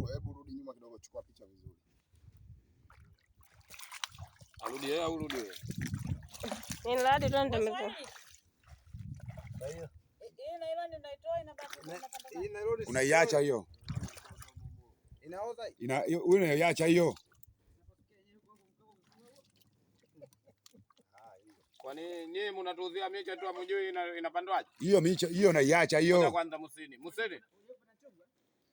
hebu hebu rudi nyuma kidogo, chukua picha vizuri. Arudi yeye au rudi wewe? Unaiacha hiyo, unaiacha hiyo. Kwani nyinyi mnatuuzia miche tu amjui inapandwaje? Hiyo miche hiyo naiacha hiyo. Kwanza musini. Musini.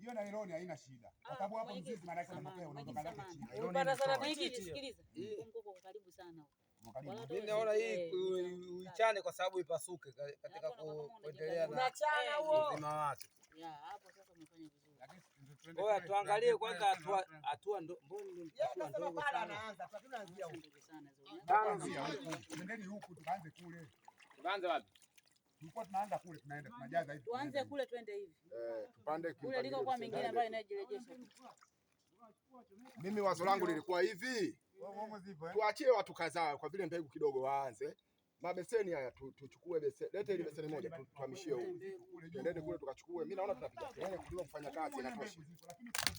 hiyo na ironi haina shida, kwa ah, sababu hapo mzizi maana yake unatoka unaondoka zake chini. Mimi naona hii uichane kwa sababu ipasuke katika kuendelea na huo. uzima wake. Oya, tuangalie kwanza hatua hatua ndogo sana. Tuanze huku tukaanze kule. Tuanze wapi? tulikuwa tunaanza kule, tunaenda tunajaza hivi, tuanze kule, twende hivi eh, tupande kule liko kwa mingine ambayo inajirejesha. Mimi wazo langu lilikuwa hivi, eh? tuachie watu kadhaa, kwa vile mbegu kidogo waanze mabeseni haya tuchukue beseni, lete ile beseni moja tuhamishie huko, tuendeni kule tukachukue. Mimi naona tunapiga kelele yaani, kuliko kufanya kazi, inatosha.